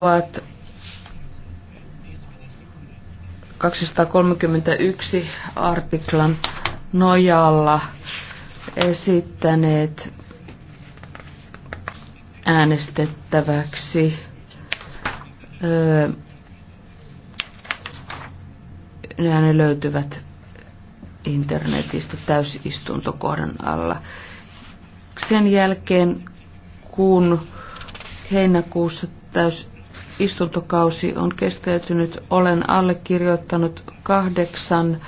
ovat 231 artiklan nojalla esittäneet äänestettäväksi öö, ne löytyvät internetistä täysistuntokohdan alla. Sen jälkeen, kun heinäkuussa täysistuntokohdan istuntokausi on kestäytynyt. Olen allekirjoittanut kahdeksan